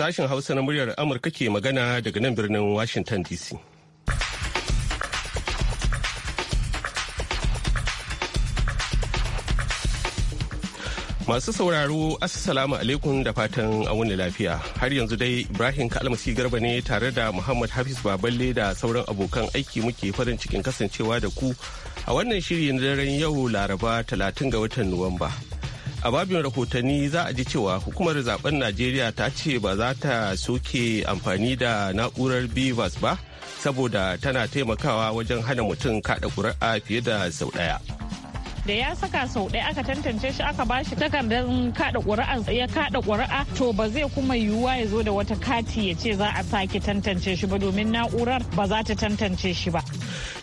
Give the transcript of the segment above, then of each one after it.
Sashen Hausa na muryar Amurka ke magana daga nan birnin Washington DC. Masu sauraro Assalamu alaikum da fatan wani lafiya. Har yanzu dai Ibrahim Kalmasi Garba ne tare da Muhammad Hafiz Baballe da sauran abokan aiki muke farin cikin kasancewa da ku a wannan shiri na daren yau Laraba 30 ga watan Nuwamba. a babin rahotanni za a ji cewa hukumar zaben najeriya ta ce ba za ta soke amfani da na'urar bivas ba saboda tana taimakawa wajen hana mutum kada ƙuri'a fiye da sau ɗaya da ya saka sau ɗaya aka tantance shi aka bashi takardar kada ƙuri'a ya kada ƙuri'a to ba zai kuma yiwuwa ya zo da wata kati ya ce za a sake tantance shi ba domin na'urar ba za ta tantance shi ba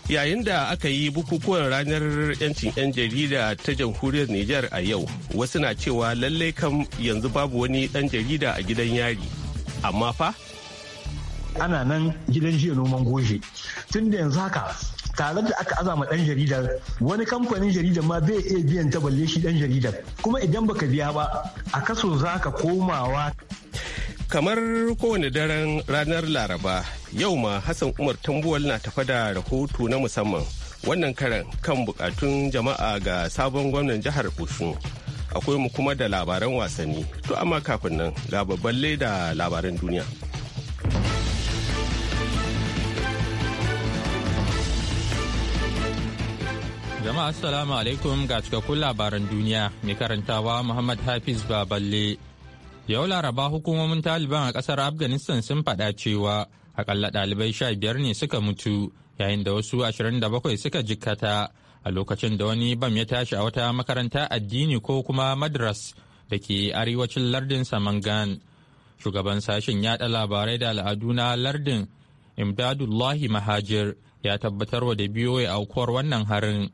yayin da aka yi bukukuwan ranar 'yancin 'yan jarida ta jamhuriyar Nijar a yau wasu na cewa lallai kam yanzu babu wani ɗan jarida a gidan yari amma fa ana nan gidan jiya noman goje tun da yanzu haka tare da aka azama dan jaridar wani kamfanin jaridar ma bai iya biyan ta balle shi dan jaridar kuma idan baka biya ba a kaso za ka komawa kamar kowane daren ranar laraba yau ma hassan umar tambuwal na tafa da rahoto na musamman wannan karan kan bukatun jama'a ga sabon gwamnan jihar osun akwai mu kuma da labaran wasanni to amma kafin nan ga babban da labaran duniya jama'a assalamu alaikum ga cikakkun labaran duniya mai karantawa muhammad hafiz baballe yau laraba hukumomin taliban a kasar afghanistan sun faɗa cewa akalla ɗalibai sha biyar ne suka mutu yayin da wasu ashirin da bakwai suka jikkata a lokacin da wani bam ya tashi a wata makaranta addini ko kuma madras da ke arewacin lardin samangan shugaban sashen yada labarai da al'adu na lardin imdadullahi mahajir ya tabbatar wa da biyo ya aukuwar wannan harin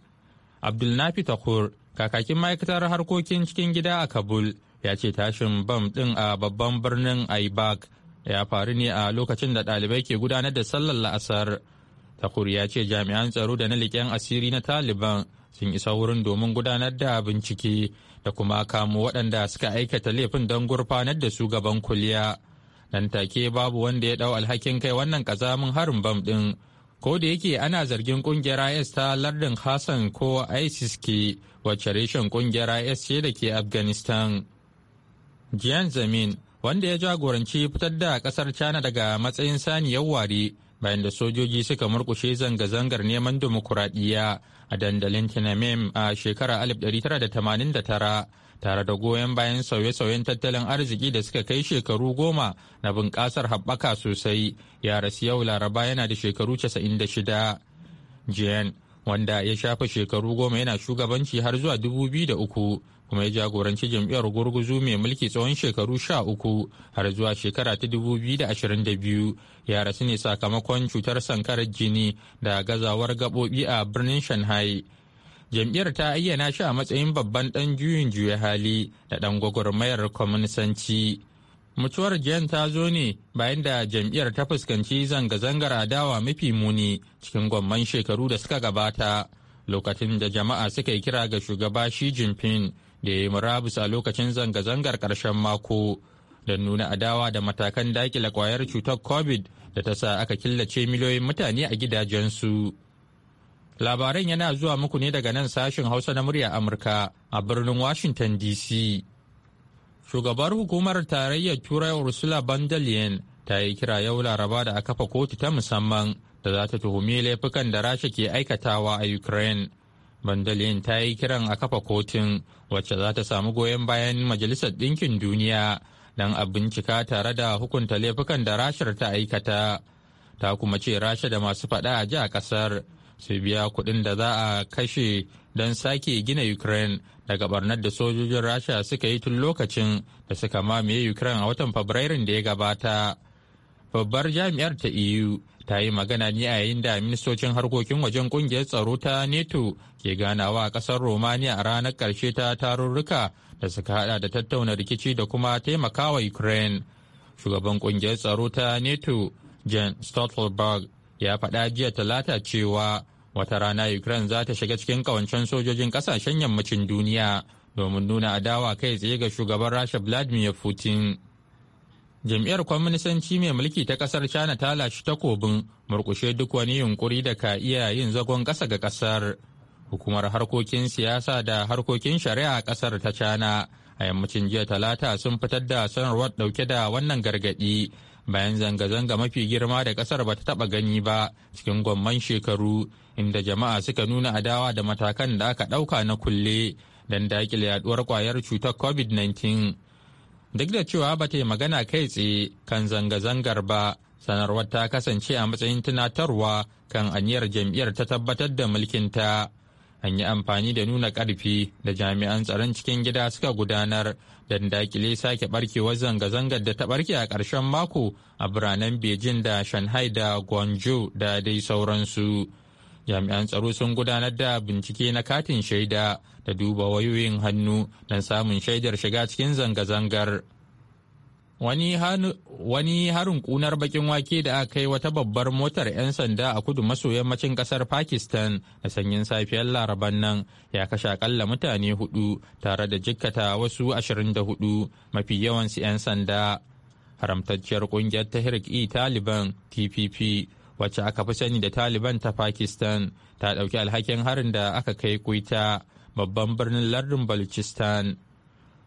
abdulnafi takur kakakin ma'aikatar harkokin cikin gida a kabul ya ce tashin bam ɗin a babban birnin aibak ya faru ne a lokacin da ɗalibai ke gudanar da sallar la'asar takur ya ce jami'an tsaro da na liƙen asiri na taliban sun isa wurin domin gudanar da bincike da kuma kamo waɗanda suka aikata laifin don gurfanar da su gaban kuliya nan take babu wanda ya ɗau alhakin kai wannan ƙazamin harin bam ɗin ko da yake ana zargin ƙungiyar is ta lardin hassan ko isis ke wacce reshen ƙungiyar is ce da ke afghanistan Jian zamin wanda ya jagoranci fitar da kasar China daga matsayin saniyar ware bayan da sojoji suka murkushe zanga-zangar neman dimokuraɗiyya a dandalin Tiananmen a shekarar 1989 tare da goyon bayan sauye-sauyen tattalin arziki da suka kai shekaru goma na bunƙasar haɓaka sosai ya rasu yau laraba yana da shekaru 96. Jian wanda ya shafa shekaru goma yana shugabanci har zuwa 2003 kuma ya jagoranci jam'iyyar gurguzu mai mulki tsawon shekaru sha uku har zuwa shekara ta dubu biyu da ashirin da biyu ya rasu ne sakamakon cutar sankarar jini da gazawar gaɓoɓi a birnin shanhai jam'iyyar ta ayyana shi a matsayin babban ɗan juyin juya hali da ɗan gwagwarmayar kwaminisanci mutuwar jen ta zo ne bayan da jam'iyyar ta fuskanci zanga-zangar adawa mafi muni cikin gwamman shekaru da suka gabata lokacin da jama'a suka yi kira ga shugaba shi Jinping da ya yi murabus a lokacin zanga-zangar ƙarshen mako da nuna adawa da matakan daƙile kwayar cutar covid da ta sa aka killace miliyoyin mutane a gidajensu. Labaran yana zuwa muku ne daga nan sashen Hausa na murya Amurka a birnin Washington DC. Shugabar hukumar tarayyar Turai Ursula von der ta yi kira yau Laraba da a kafa kotu ta musamman da za ta tuhumi laifukan da Rasha ke aikatawa a Ukraine. Von ta yi kiran a kafa kotun wacce za ta samu goyon bayan majalisar ɗinkin duniya don a bincika tare da hukunta laifukan da rashar ta aikata ta kuma ce rasha da masu faɗa a ji a ƙasar su biya kuɗin da za a kashe don sake gina ukraine daga barnar da sojojin rasha suka yi tun lokacin da suka mamaye ukraine a watan fabrairun da ya gabata. babbar jami'ar ta eu ta yi magana ne a yayin da ministocin harkokin wajen kungiyar tsaro ta neto ke ganawa a kasar romania a ranar karshe ta tarurruka da suka hada da tattauna rikici da kuma taimakawa ukraine shugaban kungiyar tsaro ta neto jan stoltenberg ya faɗa jiya talata cewa wata rana ukraine za ta shiga cikin kawancen sojojin kasashen yammacin duniya domin nuna adawa kai tsaye ga shugaban rasha vladimir putin jam'iyyar kwaminisanci mai mulki ta kasar china ta lashi takobin murkushe duk wani yunkuri da ka iya yin zagon ƙasa ga ƙasar hukumar harkokin siyasa da harkokin shari'a kasar ƙasar ta china a yammacin jiya talata sun fitar da sanarwar ɗauke da wannan gargaɗi bayan zanga-zanga mafi girma da ƙasar ba ta taɓa gani ba cikin gwamman shekaru inda jama'a suka nuna adawa da matakan da aka ɗauka na kulle don daƙile yaduwar ƙwayar cutar covid-19 duk da cewa ba ta yi magana kai tsaye kan zanga-zangar ba sanarwar ta kasance a matsayin tunatarwa kan aniyar jam'iyyar ta tabbatar da mulkinta an yi amfani da nuna ƙarfi da jami'an tsaron cikin gida suka gudanar don dakile sake barkewar zanga-zangar da ta barke a karshen mako a biranen beijing da shanghai da guangzhou da dai sauransu jami'an tsaro sun gudanar da bincike na katin shaida da duba wayoyin hannu don samun shaidar shiga cikin zanga-zangar wani harin kunar bakin wake da aka kai wata babbar motar 'yan sanda a kudu maso yammacin kasar pakistan da sanyin safiyar laraban nan ya kashe akalla mutane hudu tare da jikkata wasu ashirin da hudu mafi yawansu 'yan sanda haramtacciyar kungiyar tahrik e taliban tpp wacce aka fi sani da taliban ta pakistan ta ɗauki alhakin harin da aka kai kuita babban birnin lardin Balochistan.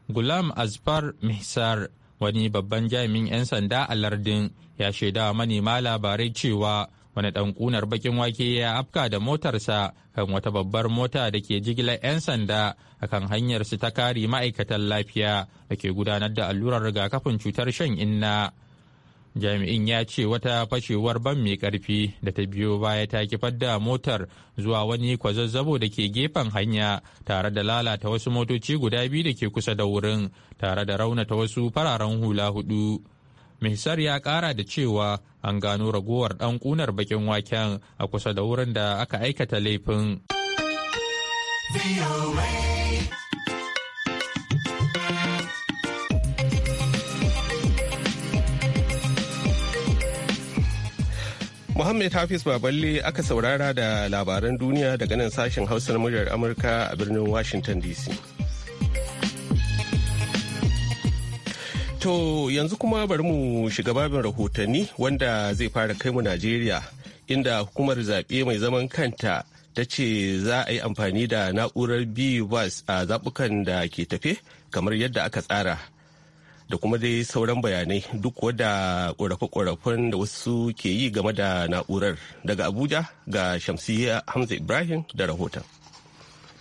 Gulam Azbar Mihsar wani babban jami'in 'yan sanda a lardin ya shaida manema labarai cewa wani ɗan ƙunar bakin wake ya afka da motarsa kan wata babbar mota da ke jigilar 'yan sanda akan hanyar su ta kare ma'aikatan lafiya da ke gudanar da allurar rigakafin cutar shan inna. jami'in ya ce wata fashewar ban mai karfi da ta biyo baya ta kifar da motar zuwa wani kwazazzabo da ke gefen hanya tare da lalata wasu motoci guda biyu da ke kusa da wurin tare da raunata wasu fararen hula hudu mihisar ya kara da cewa an gano ragowar dan kunar bakin waken a kusa da wurin da aka aikata laifin. Muhammad Hafiz Baballe aka saurara da labaran duniya daga nan sashen Hausa na muryar Amurka a birnin Washington DC. To yanzu kuma bari mu shiga babin rahotanni wanda zai fara kai mu Najeriya inda hukumar zaɓe mai zaman kanta ta ce za a yi amfani da na'urar b a zaɓukan da ke tafe kamar yadda aka tsara da kuma dai sauran bayanai duk wadda ƙorafe-ƙorafen da wasu ke yi game da na'urar daga abuja ga shamsiyya hamza ibrahim da rahoton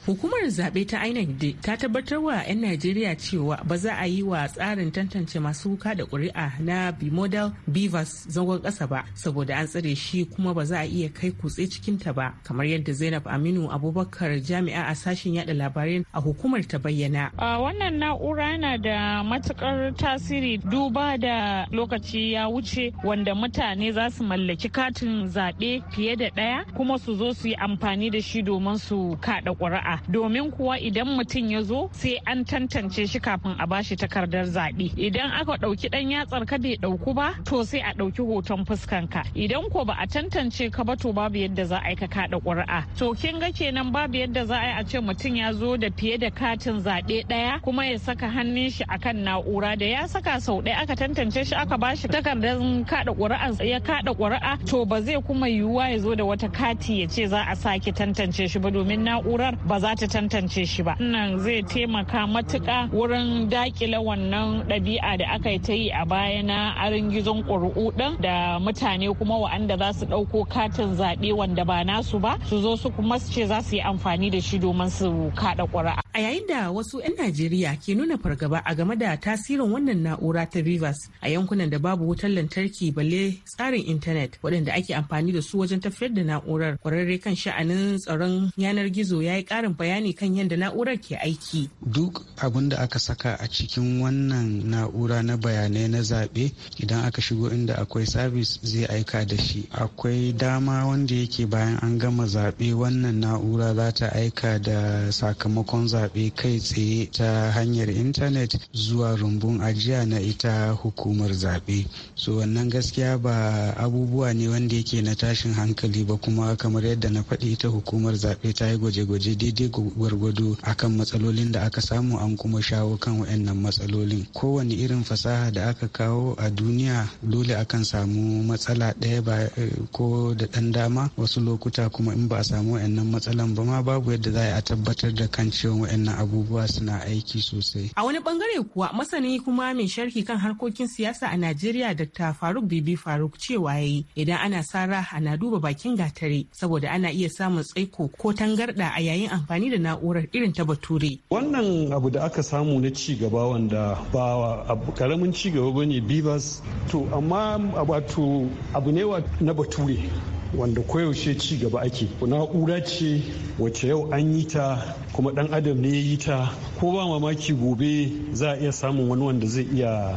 Hukumar zaɓe ta INEC ta tabbatar wa 'yan Najeriya cewa ba za a yi wa tsarin tantance masu wuka da ƙuri'a na bimodal Bivas zangon ƙasa ba saboda an tsare shi kuma ba za a iya kai kutse cikin ta ba kamar yadda Zainab Aminu Abubakar jami'a a sashen yada labarai a hukumar ta bayyana. wannan na'ura na da matukar tasiri duba da lokaci ya wuce wanda mutane za su mallaki katin zaɓe fiye da ɗaya kuma su zo su yi amfani da shi domin su kaɗa ƙuri'a domin kuwa idan mutum ya zo sai an tantance shi kafin a bashi takardar zaɓe idan aka ɗauki ɗan yatsar ka bai ɗauku ba to sai a ɗauki hoton fuskan ka idan ko ba a tantance ka ba to babu yadda za a yi ka kaɗa ƙuri'a to kin ga kenan babu yadda za a yi a ce mutum ya zo da fiye da katin zaɓe ɗaya kuma ya saka hannun shi akan na'ura da ya saka sau ɗaya aka tantance shi aka bashi takardar kaɗa ƙuri'a ya kaɗa ƙuri'a to ba zai kuma yiwuwa ya zo da wata kati ya ce za a sake tantance shi ba domin na'urar ba za ta tantance shi ba wannan zai taimaka matuka wurin dakile wannan ɗabi'a da aka yi ta yi a baya na arin gizon ƙuri'u ɗin da mutane kuma wa'anda za su ɗauko katin zaɓe wanda ba nasu ba su zo su kuma su ce za su yi amfani da shi domin su kaɗa ƙuri'a. A yayin da wasu 'yan Najeriya ke nuna fargaba a game da tasirin wannan na'ura ta Rivers a yankunan da babu wutar lantarki balle tsarin intanet waɗanda ake amfani da su wajen tafiyar da na'urar kwararre kan sha'anin tsaron yanar gizo ya yi ƙarin bayani kan yadda na'urar ke aiki. Duk abin da aka saka a cikin wannan na'ura na bayanai na zaɓe idan aka shigo inda akwai sabis zai aika da shi. Akwai dama wanda yake bayan an gama zaɓe wannan na'ura za ta aika da sakamakon zaɓe kai tsaye ta hanyar intanet zuwa rumbun ajiya na ita hukumar zaɓe. So wannan gaskiya ba abubuwa ne wanda yake na tashin hankali ba kuma kamar yadda na faɗi ita hukumar zaɓe ta yi gwaje-gwaje daidai gwargwado akan matsalolin da aka samu an kuma shawo kan waɗannan matsalolin kowane irin fasaha da aka kawo a duniya dole akan samu matsala ɗaya ba eh, ko da ɗan dama wasu lokuta kuma in ba a samu waɗannan matsalan ba ma babu yadda za a tabbatar da kan cewa waɗannan abubuwa suna aiki sosai a wani bangare kuwa masani kuma mai sharhi kan harkokin siyasa a najeriya dr faruk bibi faruk cewa yayi idan ana sara ana duba bakin gatare saboda ana iya samun tsaiko ko tangarda a yayin amfani da na'urar irin ta bature. Wannan abu da aka samu na ci gaba wanda ba karamin ci gaba bane Bivas to amma wato abu ne na bature wanda koyaushe ci gaba ake na'ura ce wacce yau an yi ta kuma dan adam ne ya yi ta ko ba mamaki gobe za a iya samun wani wanda zai iya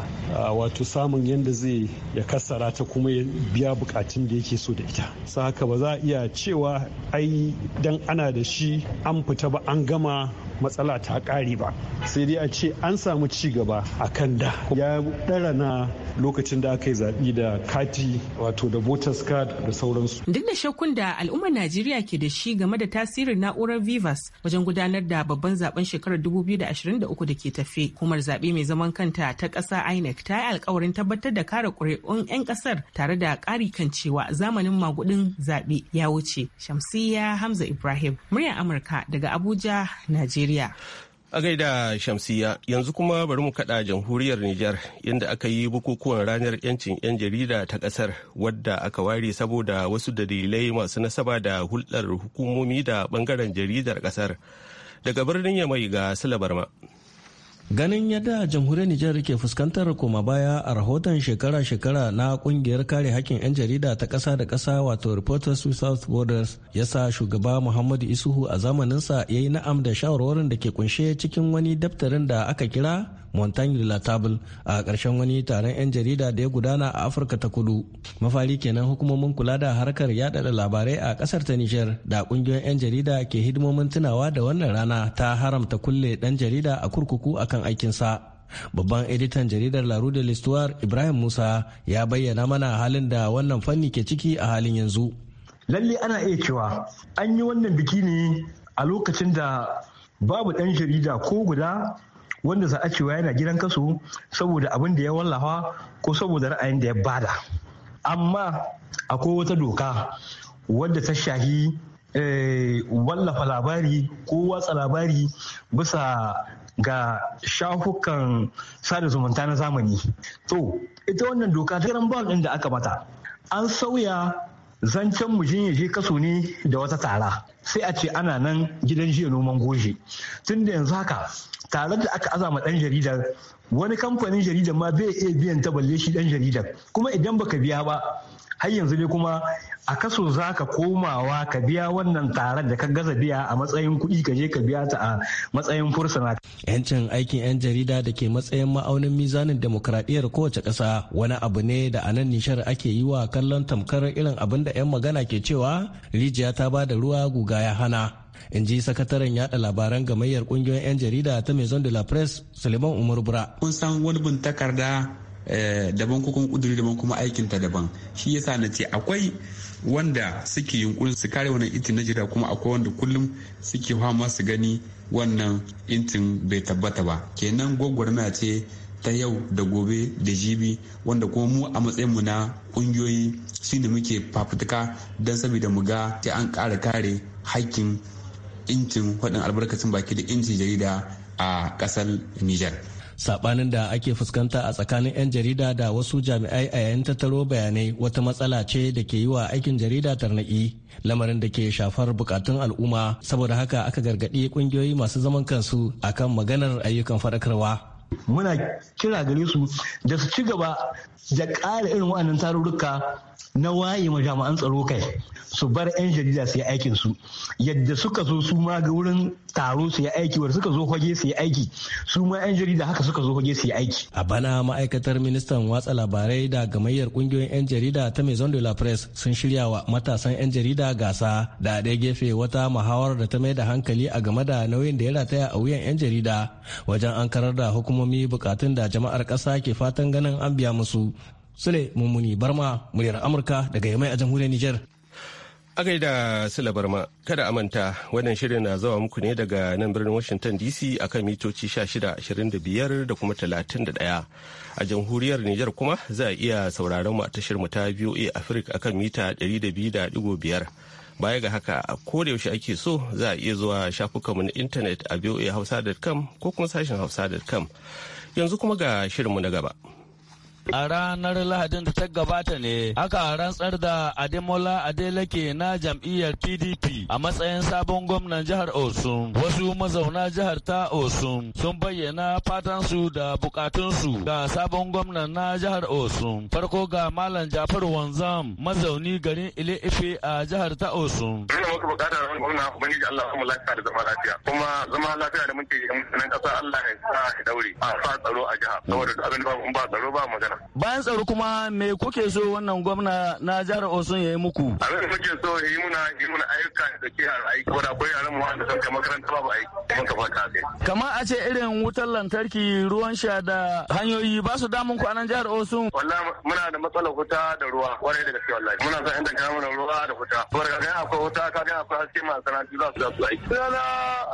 wato samun yadda zai ya kassara ta kuma ya biya bukatun da yake so da ita sa haka ba za a iya cewa ai dan ana da shi an fita ba an gama matsala ta ƙare ba sai dai a ce an samu ci gaba a kan da ya ɗara na lokacin da aka yi zaɓi da kati wato da voters card da sauransu duk da shakkun da al'ummar najeriya ke da shi game da tasirin na'urar vivas wajen gudanar da babban zaben shekarar 2023 da ke tafe hukumar zaɓe mai zaman kanta ta ƙasa inec ta yi alkawarin tabbatar da kare ƙuri'un 'yan ƙasar tare da ƙari kan cewa zamanin magudin zaɓe ya wuce shamsiyya hamza ibrahim murya amurka daga abuja najeriya Najeriya. A gaida Shamsiya yanzu kuma bari mu kada jamhuriyar Nijar yadda aka yi bukukuwan ranar 'yancin 'yan jarida ta kasar wadda aka ware saboda wasu dalilai masu nasaba da hulɗar hukumomi da bangaren jaridar kasar. Daga birnin Yamai ga Sula Barma. Ganin yadda jamhuriyar Nijar ke fuskantar koma baya a rahoton shekara-shekara na kungiyar kare hakkin 'yan jarida ta ƙasa da ƙasa wato Reporters Without Borders ya sa shugaba Muhammadu Isuhu a zamaninsa ya yi na'am da shawarwarin da ke kunshe cikin wani daftarin da aka kira montagne la table a ƙarshen wani taron 'yan jarida da ya gudana a afirka ta kudu mafari kenan hukumomin kula da harkar yaɗa labarai a ƙasar ta nijar da ƙungiyoyin 'yan jarida ke hidimomin tunawa da wannan rana ta haramta kulle ɗan jarida a kurkuku akan aikinsa babban editan jaridar la rue de l'histoire ibrahim musa ya bayyana mana halin da wannan fanni ke ciki a halin yanzu lalle ana iya cewa an yi wannan biki ne a lokacin da babu ɗan jarida ko guda wanda za a cewa yana gidan kaso saboda abin da ya wallafa ko saboda ra'ayin da ya bada amma akwai wata doka wadda ta shahi eh, wallafa labari ko watsa labari bisa ga shafukan sada zumunta na zamani to ita wannan doka ta ran ɗin da aka mata an sauya zancen mujin ya je kaso ne da wata tara sai a ce ana nan gidan jiya noman goje tun da yanzu haka tare da aka azama dan jaridar wani kamfanin jaridar ma bai iya biyan ta balle shi dan jaridar kuma idan baka biya ba har yanzu ne kuma a kaso za ka komawa ka biya wannan tarar da ka gaza biya a matsayin kuɗi ka je ka biya ta a matsayin fursuna. yancin aikin 'yan jarida da ke matsayin ma'aunin mizanin demokradiyyar kowace ƙasa wani abu ne da a nan nishar ake yi wa kallon tamkar irin abin da 'yan magana ke cewa rijiya ta ba da ruwa guga doka ya hana in ji sakataren yada labaran gamayyar kungiyoyin 'yan jarida ta maison de la presse suleiman umar bura kun san wani bin takarda eh, daban kukun kuduri daban kuma aikinta daban shi yasa na ce akwai wanda suke yunkurin su kare wannan intin na jira kuma akwai wanda kullum suke fama su gani wannan intin bai tabbata ba kenan gwagwarmaya ce ta yau da gobe da jibi wanda kuma mu a matsayin mu na kungiyoyi shine muke fafutuka don saboda mu ga sai an kare kare hakkin intin faɗin albarkacin baki da intin jarida a ƙasar Nijar. sabanin da ake fuskanta a tsakanin 'yan jarida da wasu jami'ai a yayin tattaro bayanai wata matsala ce da ke yi wa aikin jarida tarnaki lamarin da ke shafar bukatun al'umma saboda haka aka gargaɗi ƙungiyoyi masu zaman kansu a kan maganar ayyukan faɗakarwa muna kira gare su da su ci gaba da ƙara irin waɗannan tarurruka na waye ma jami'an tsaro kai su bar 'yan jarida su yi aikin su yadda suka zo su ma ga wurin taro su yi aiki wanda suka zo kwaje su yi aiki su ma 'yan jarida haka suka zo kwaje su yi aiki a bana ma'aikatar ministan watsa labarai da gamayyar kungiyoyin 'yan jarida ta maison de la presse sun shirya wa matasan 'yan jarida gasa da a gefe wata muhawar da ta mai da hankali a game da nauyin da ya rataya a wuyan 'yan jarida wajen an karar da hukumomi bukatun da jama'ar ƙasa ke fatan ganin an biya musu Sule Mummuni Barma muryar Amurka daga Yamai a jamhuriyar Nijar. A gaida Sule Barma, kada a manta wannan shirin na zawa muku ne daga nan birnin Washington DC akan mitoci 1625 da kuma 31. A jamhuriyar Nijar kuma za a iya sauraron mu a tashar mu ta VOA Africa akan mita 200.5. Baya ga haka a yaushe ake so za a iya zuwa shafukanmu na intanet a voahausa.com ko kuma sashen hausa.com. Yanzu kuma ga shirinmu na gaba. A ranar Lahadin da ta gabata ne aka rantsar da Ademola Adeleke na jam'iyyar PDP a matsayin sabon gwamnan jihar Osun. Wasu mazauna jihar ta Osun sun bayyana fatansu da bukatunsu ga sabon gwamnan na jihar Osun. Farko ga Malam Jafar Wanzam mazauni garin Ile Ife a jihar ta Osun. Allah zama lafiya. Kuma zama lafiya ya sa shi daure a sa tsaro a jihar. Saboda abin da ba mu ba tsaro ba magana. Bayan tsaro kuma me kuke so wannan gwamna na jihar Osun ya yi muku? Abin da kuke so ya yi muna yi muna ayyuka da ke har aiki wanda akwai yaran mu wanda sun makaranta babu aiki kuma kafa fata Kamar a ce irin wutar lantarki ruwan sha da hanyoyi ba su damun ku a nan jihar Osun. Wallahi muna da matsalar wuta da ruwa kwarai da gaske wallahi. Muna son inda kama da ruwa da wuta. daga kaga akwai wuta ga akwai haske masana'antu za su zasu su aiki. Sunana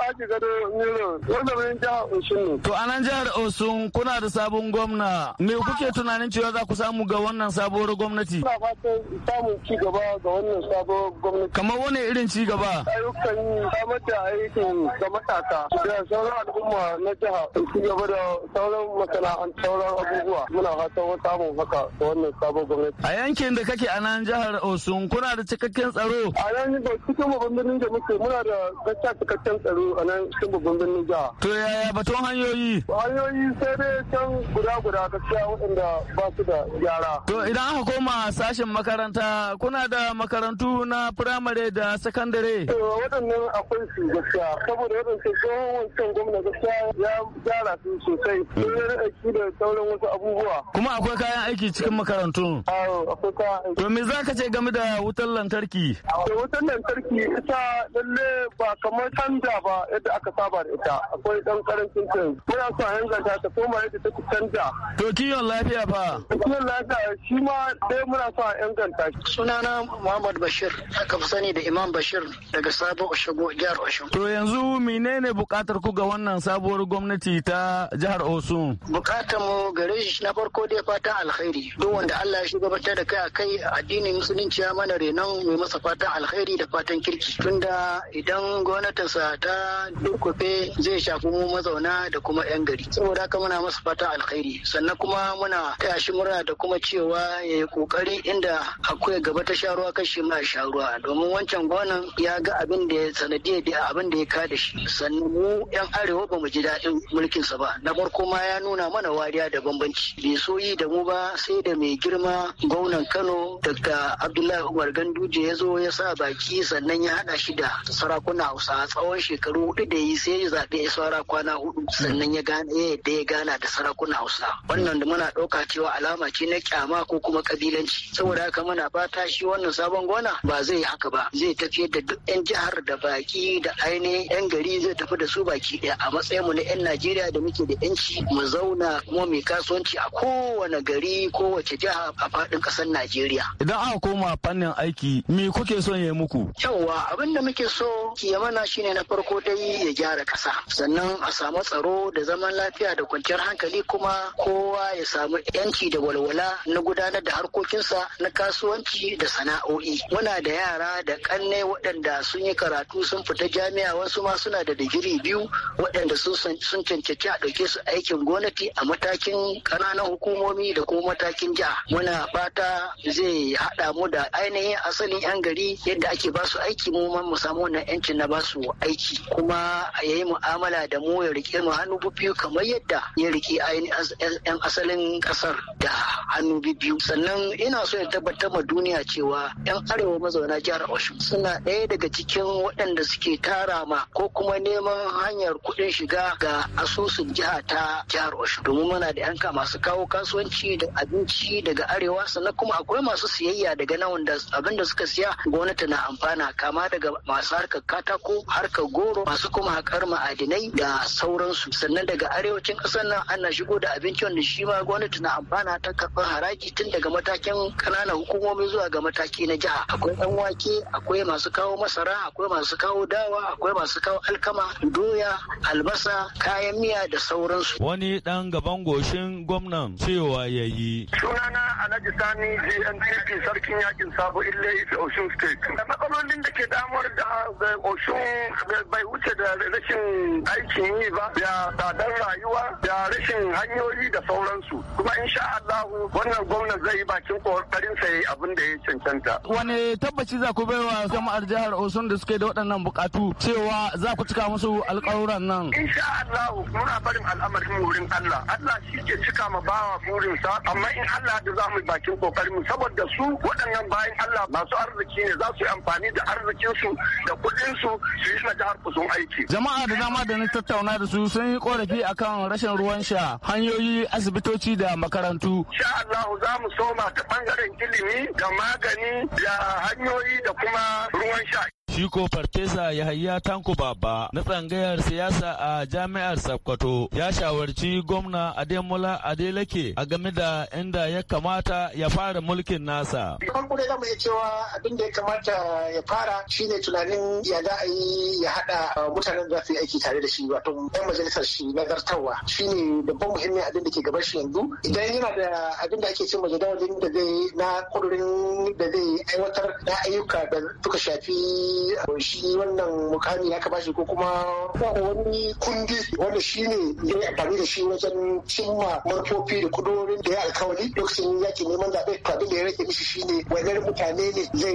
Aji Gado ne wannan mun jihar Osun. To a nan jihar Osun kuna da sabon gwamna me kuke tunani? tunanin cewa za ku samu ga wannan sabuwar gwamnati? Ina fatan samu ci gaba ga wannan sabuwar gwamnati. Kamar wani irin ci gaba? Ayyukan samar da aikin ga matasa da sauran al'umma na jiha ci gaba da sauran masana'antu sauran abubuwa. Muna fatan wata samun haka ga wannan sabuwar gwamnati. A yankin da kake a nan jihar Osun kuna da cikakken tsaro? A nan ba cikin babban birnin da muke muna da gaskiya cikakken tsaro a nan cikin babban birnin jiha. To yaya batun hanyoyi? Hanyoyi sai dai can guda-guda gaskiya waɗanda ba su da gyara. To idan aka koma sashen makaranta kuna da makarantu na firamare da sakandare? To eh, waɗannan akwai su gaskiya saboda waɗansu tsohon wancan gwamna gaskiya ya gyara su sosai. Sun yi aiki da sauran wasu abubuwa. Kuma akwai kayan aiki cikin makarantu? Ah, akwai kayan aiki. To me za ka ce game da wutar lantarki? To wutar lantarki ita lalle ba kamar canja ba yadda aka saba da ita. Akwai ɗan ƙarancin canji. Muna son a yanzu ta koma yadda take canja. To kiwon lafiya lafiya fa. Kusan shi ma dai muna sa yan ganta. Sunana Muhammad Bashir aka fi sani da Imam Bashir daga Sabo Oshogo jihar Osun. To yanzu menene bukatar ku ga wannan sabuwar gwamnati ta jihar Osun? Bukatar mu gare shi na farko dai fatan alkhairi. Duk wanda Allah ya shugabata da kai a kai addinin musulunci ya mana renon mai masa fatan alkhairi da fatan kirki. Tunda idan gwamnatinsa ta durkufe zai shafi mu mazauna da kuma 'yan gari. Saboda haka muna masa fatan alkhairi. Sannan kuma muna taya shi murna da kuma cewa ya yi kokari inda akwai gaba ta sha ruwa kashi ma sha ruwa domin wancan gonan ya ga abin da ya sanadiyar da abin da ya ka da shi sannan mu yan arewa ba mu ji daɗin mulkinsa ba na farko ma ya nuna mana wariya da bambanci bai so yi da mu ba sai da mai girma gwamnan kano dr abdullahi umar ganduje ya zo ya sa baki sannan ya haɗa shi da sarakuna hausa tsawon shekaru hudu da yi sai ya zaɓe ya saura kwana hudu sannan ya gane ya gana da sarakuna hausa wannan da muna ɗauka cewa alama ce na kyama ko kuma kabilanci saboda haka muna fata shi wannan sabon gona ba zai haka ba zai tafiyar da duk yan jihar da baki da ainihin yan gari zai tafi da su baki daya a mu na yan najeriya da muke da yanci mu zauna kuma mai kasuwanci a kowane gari kowace jiha a faɗin ƙasar najeriya idan aka koma fannin aiki me kuke son ya muku yawa abin da muke so ya mana shine na farko dai ya gyara ƙasa sannan a samu tsaro da zaman lafiya da kwanciyar hankali kuma kowa ya samu yanci da walwala na gudanar da harkokinsa na kasuwanci da sana'o'i muna da yara da kanne waɗanda sun yi karatu sun fita jami'a wasu ma suna da digiri biyu waɗanda sun cancanci a ɗauke su aikin gwamnati a matakin ƙananan hukumomi da kuma matakin jiha muna fata zai haɗa mu da ainihin asalin 'yan gari yadda ake ba su aiki mu ma mu samu wannan 'yancin na ba su aiki kuma ya yi mu'amala da mu ya riƙe mu hannu biyu kamar yadda ya riƙe ainihin 'yan asalin ƙasa kasar da hannu biyu sannan ina so ya tabbatar ma duniya cewa yan arewa mazauna jihar oshun suna ɗaya daga cikin waɗanda suke tara ma ko kuma neman hanyar kuɗin shiga ga asusun jiha ta jihar oshun domin muna da yanka masu kawo kasuwanci da abinci daga arewa sannan kuma akwai masu siyayya daga nan wanda abin da suka siya gwamnati na amfana kama daga masu harkar katako harkar goro masu kuma haƙar ma'adinai da sauransu sannan daga arewacin ƙasar nan ana shigo da abinci wanda shi ma gwamnati na amfana ta karɓar haraki tun daga matakin ƙananan hukumomi zuwa ga mataki na jiha akwai ɗan wake akwai masu kawo masara akwai masu kawo dawa akwai masu kawo alkama doya albasa kayan miya da sauransu wani ɗan gaban goshin gwamnan cewa ya yi sunana alhaji sani gntp sarkin yakin sabo ille ita oshun state da matsalolin da ke damar da oshun bai wuce da rashin aikin yi ba da tsadar rayuwa da rashin hanyoyi da sauransu kuma in insha Allah wannan gwamnan zai yi bakin kokarin sai abin da ya cancanta wani tabbaci za ku wa jama'ar jihar Osun da suke da waɗannan bukatu cewa za ku cika musu alƙawuran nan insha Allah muna barin al'amarin wurin Allah Allah shi ke cika ma bawa wurin sa amma in Allah da za mu bakin kokarin mu saboda su waɗannan bayan Allah masu arziki ne za su yi amfani da arzikinsu su da kuɗin su su yi jihar Osun aiki jama'a da dama da ni tattauna da su sun yi korafi akan rashin ruwan sha hanyoyi asibitoci da makarantu makarantu. Sha Allah za mu soma ta bangaren ilimi da magani da hanyoyi da kuma ruwan sha. Shiko ko Farfesa Yahaya Tanko Baba na tsangayar siyasa a Jami'ar Sokoto ya shawarci gwamna Ademola Adeleke a game da inda ya kamata ya fara mulkin nasa. Farko dai zamu cewa abin da ya kamata ya fara shine tunanin ya za a yi ya haɗa uh, mutanen da su yi aiki tare da shi wato 'yan majalisar shi nazartarwa shine babban muhimmin abin da ke gaban shi yanzu idan yana da abin da ake cin ma jadawalin da zai na kudurin da zai aiwatar na ayyuka da suka shafi shi wannan mukami da aka bashi ko kuma wani kundi wanda shi ne ya amfani da shi wajen cimma manufofi da kudurorin da ya alkawari lokacin yakin neman zaɓe to abin da ya rage mishi shi ne wainar mutane ne zai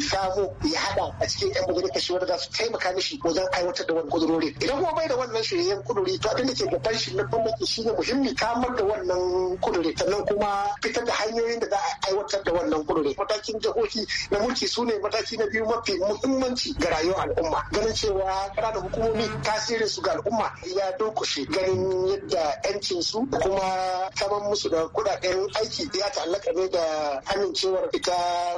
samu ya haɗa a cikin yan majalisar kashi wanda za su taimaka mishi wajen aiwatar da wani kudurorin idan kuma bai da wannan shiryayyen kuduri to abin da ke gaban shi na gwamnati shi ne muhimmi kamar da wannan kuduri sannan kuma fitar da hanyoyin da za a aiwatar da wannan kuduri matakin jihohi na mulki su ne mataki na biyu mafi muhimmanci muhimmanci ga rayuwar al'umma ganin cewa ƙananan hukumomi tasirin su ga al'umma ya dokushe ganin yadda 'yancin su kuma saman musu da kudaden aiki ya ta'allaka ne da amincewar ita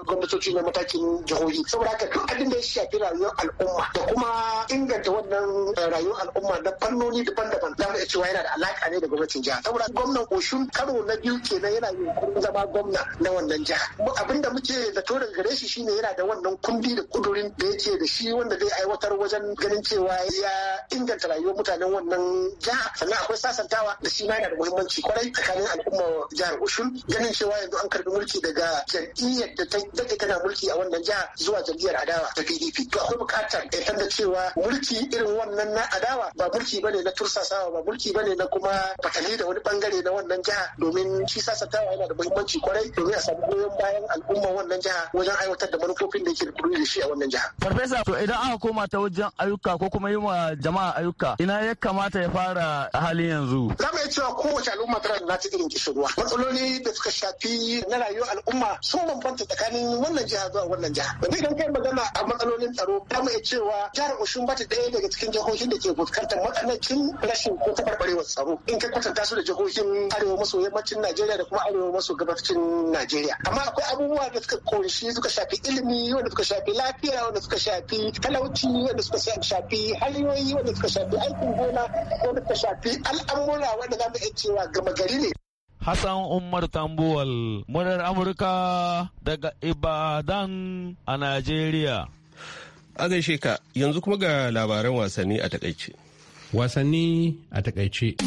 gwamnatoci na matakin jihohi saboda haka duk abin da ya shafi rayuwar al'umma da kuma inganta wannan rayuwar al'umma na fannoni daban-daban za mu iya cewa yana da alaka ne da gwamnatin jiha saboda gwamnan oshun karo na biyu kenan yana yunkurin zama gwamna na wannan jiha abin da muke da daga gare shi shine yana da wannan kundi da kudurin da ya yake da shi wanda zai aiwatar wajen ganin cewa ya inganta rayuwar mutanen wannan jiha sannan akwai sasantawa da shi ma yana da muhimmanci kwarai tsakanin al'ummar jihar Oshun ganin cewa yanzu an karbi mulki daga jam'iyyar da ta dade tana mulki a wannan jiha zuwa jam'iyyar adawa ta PDP to akwai bukatar ya da cewa mulki irin wannan na adawa ba mulki bane na tursasawa ba mulki bane na kuma fatali da wani bangare na wannan jiha domin shi sasantawa yana da muhimmanci kwarai domin a samu goyon bayan al'umma wannan jiha wajen aiwatar da manufofin da yake da shi a wannan jiha Farfesa, to idan aka koma ta wajen ayyuka ko kuma yi wa jama'a ayyuka, ina ya kamata ya fara a halin yanzu? Za mu iya cewa kowace al'umma tana da nata irin kishirwa. Matsaloli da suka shafi na rayuwar al'umma sun bambanta tsakanin wannan jiha zuwa wannan jiha. Yanzu idan kai magana a matsalolin tsaro, za mu cewa jihar Osun ba ɗaya daga cikin jihohin da ke fuskantar matsanancin rashin ko taɓarɓarewar tsaro. In ka kwatanta su da jihohin arewa maso yammacin Najeriya da kuma arewa maso gabacin Najeriya. Amma akwai abubuwa da suka ƙunshi suka shafi ilimi, wanda suka shafi lafiya, wanda suka suka shafi talauci wanda suka shafi hanyoyi wanda suka shafi aikin gona wanda suka shafi al'amura wanda za mu iya cewa gama gari ne. Hassan Umar Tambuwal, murar Amurka daga Ibadan a Najeriya. A gaishe ka yanzu kuma ga labaran wasanni a takaice. Wasanni a takaice.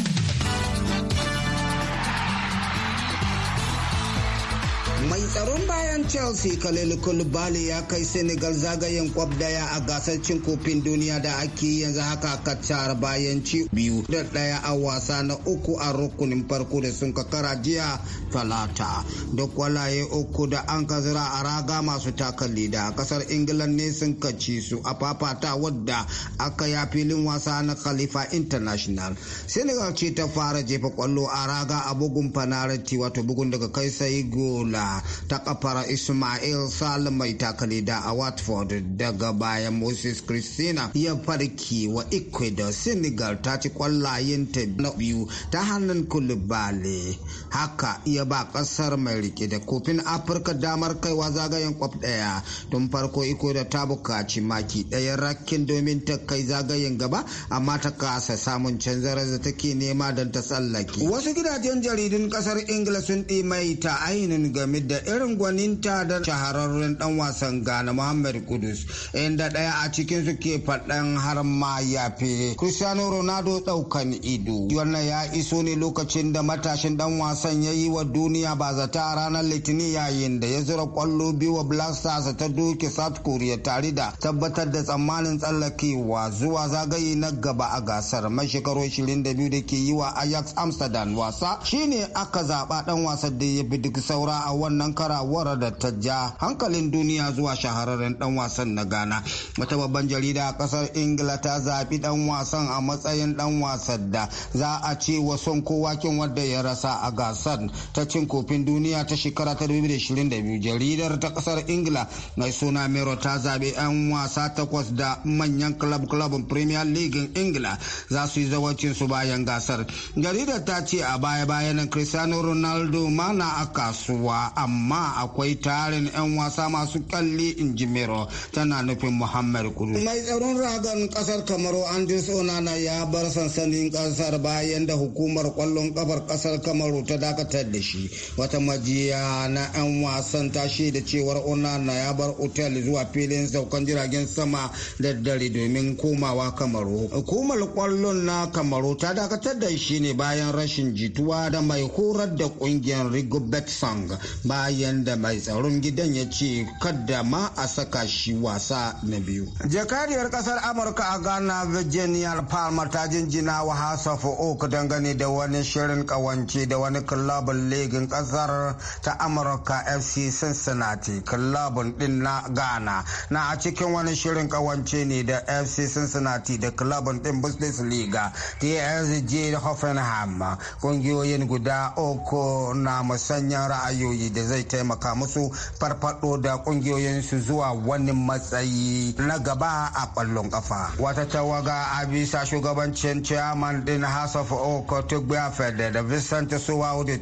chelsea khalil kulbali ya kai senegal zagayen kwab daya a gasar cin kofin duniya da ake yanzu haka kacar bayan ci biyu da daya a wasa na uku a rukunin farko da sun kakara jiya talata da kwalaye uku da an kazira a raga masu takalli da kasar Ingila ne sun kaci su a fafata wadda aka ya filin wasa na khalifa international senegal ce ta fara jefa kwallo a raga a bugun fanarati wato bugun daga kai sai gola ta kafara Ismail Sal mai takalida a Watford daga baya Moses Christina ya farke wa Ecuador Senegal ta ci kwallayen ta biyu ta hannun Kulubale. Haka ya ba kasar mai rike da kofin Afirka damar kaiwa zagayen kwaf daya tun farko Ecuador ta bukaci maki daya rakin domin ta kai zagayen gaba amma ta kasa samun canzara da take nema don ta tsallake. Wasu gidajen jaridun kasar Ingila sun ɗi mai ta ainihin game da irin gwanin ta da shahararren dan wasan Ghana Muhammad Kudus inda ɗaya a cikin su ke faɗan har ma ya fere Cristiano Ronaldo ɗaukan ido. Wannan ya iso ne lokacin da matashin dan wasan ya yi wa duniya ba zata ranar Litinin yayin da ya zura kwallo biyu wa Blasters ta doke South Korea tare da tabbatar da tsammanin tsallakewa zuwa zagaye na gaba a gasar mai shekaru 22 da ke yi wa Ajax Amsterdam wasa shine aka zaba dan wasan da ya bi duk saura a wannan karawar da ta ja hankalin duniya zuwa shahararren dan wasan na Ghana. Wata babban jarida a kasar Ingila ta zaɓi dan wasan a matsayin dan wasan da za a ce wa son kowa kin wanda ya rasa a gasar ta cin kofin duniya ta shekara ta 2022. Jaridar ta kasar Ingila mai suna Mero ta zaɓi 'yan wasa takwas da manyan club club Premier League Ingila za su yi zawacin su bayan gasar. Jaridar ta ce a baya-bayan Cristiano Ronaldo mana a kasuwa amma akwai tarin 'yan wasa masu kalli in ji mero tana nufin muhammad kudu mai tsaron ragan kasar kamaru andrews onana ya bar sansanin kasar bayan da hukumar kwallon kafar kasar kamaru ta dakatar da shi wata majiya na 'yan wasan ta da cewar onana ya bar otel zuwa filin saukan jiragen sama da dare domin komawa kamaru hukumar kwallon na kamaru ta dakatar da shi ne bayan rashin jituwa da mai horar da kungiyar rigobert song bayan da mai tsaron gidan ya ce kada ma a saka shi wasa na biyu. jakariyar kasar Amurka a Ghana Virginia Palmer ta jinjina wa House of Oak dangane da wani shirin kawance da wani kulabin legin kasar ta Amurka FC Cincinnati kulabin din na Ghana na a cikin wani shirin kawance ne da FC Cincinnati da kulabin din Bundesliga TSG Hoffenheim kungiyoyin guda uku na musanyen ra'ayoyi da zai taimaka musu su farfado da kungiyoyinsu zuwa wani matsayi na gaba a kwallon kafa wata tawaga a bisa shugabancin chairman din house of oak tugbiafed da vincent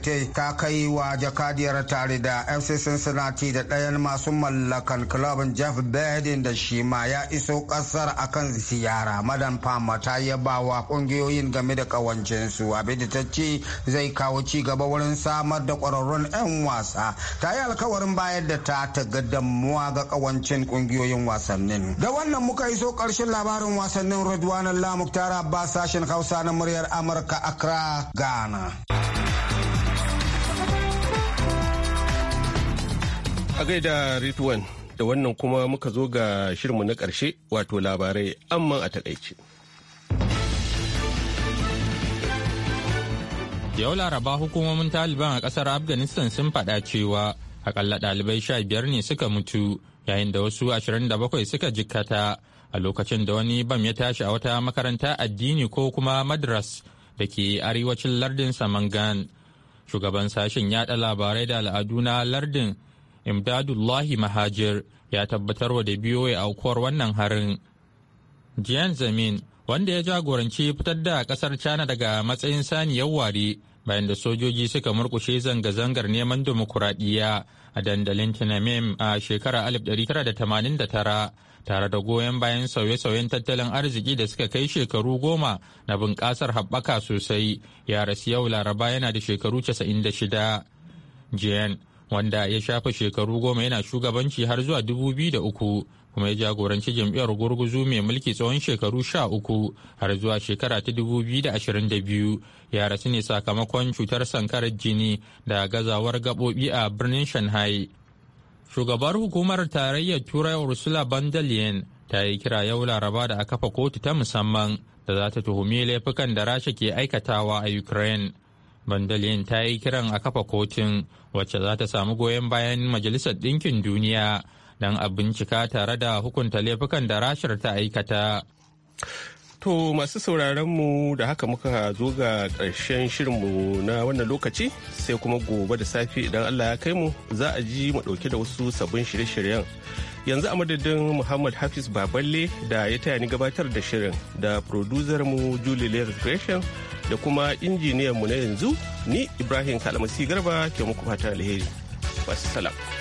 Te. ta kai wa jakadiyar tare da fc cincinnati da ɗayan masu mallakan club jeff bedin da shi ma ya iso kasar akan ziyara madan fama ta yaba wa kungiyoyin game da kawancinsu abin da ta ce zai kawo ci gaba wurin samar da kwararrun 'yan wasa ta yi alkawarin goyon bayar da ta ta ga damuwa ga kawancin kungiyoyin wasannin. Da wannan muka iso karshen labarin wasannin Rajwanan Lamuk Tara ba sashen Hausa na muryar Amurka Accra, Ghana. A gaida Ritwan da wannan kuma muka zo ga shirinmu na ƙarshe wato labarai amma a takaice. Yau Laraba hukumomin Taliban a ƙasar Afghanistan sun faɗa cewa akalla ɗalibai sha biyar ne suka mutu yayin da wasu ashirin da bakwai suka jikkata a lokacin da wani bam ya tashi a wata makaranta addini ko kuma madras da ke arewacin lardin samangan shugaban sashen yada labarai da al'adu na lardin imdadullahi mahajir ya tabbatar wa da biyo ya aukuwar wannan harin jiyan zamin wanda ya jagoranci fitar da kasar china daga matsayin saniyar ware bayan da sojoji suka murkushe zanga-zangar neman dimokuraɗiyya a dandalin Tinamim a shekarar 1989 tare da goyon bayan sauye-sauyen tattalin arziki da suka kai shekaru goma na bunƙasar haɓaka sosai ya rasu yau laraba yana da shekaru 96. Jen wanda ya shafa shekaru goma yana shugabanci har zuwa 2003 kuma ya jagoranci jam'iyyar gurguzu mai mulki tsawon shekaru sha uku har zuwa shekara ta dubu biyu da ashirin da biyu ya rasu ne sakamakon cutar sankarar jini da gazawar gabobi a birnin shanhai. shugabar hukumar tarayyar turai ursula von ta yi kira yau laraba da a kafa kotu ta musamman da za ta tuhumi laifukan da rasha ke aikatawa a ukraine bandalin ta yi kiran a kafa kotun wacce za ta samu goyon bayan majalisar ɗinkin duniya don a bincika tare da hukunta laifukan da rashar ta aikata. To masu sauraron mu da haka muka zo ga ƙarshen shirinmu na wannan lokaci sai kuma gobe da safe idan Allah ya kai mu za a ji mu ɗauki da wasu sabbin shirye-shiryen. Yanzu a madadin Muhammad Hafiz Baballe da ya taya ni gabatar da shirin da producer mu Julie Lear Gresham da kuma injiniyan mu na yanzu ni Ibrahim kalamasi Garba ke muku fatan alheri. Wassalam.